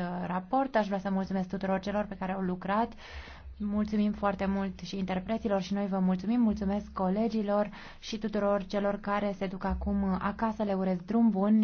acest uh, raport. Aș vrea să mulțumesc tuturor celor pe care au lucrat. Mulțumim foarte mult și interpreților și noi vă mulțumim. Mulțumesc colegilor și tuturor celor care se duc acum uh, acasă. Le urez drum bun.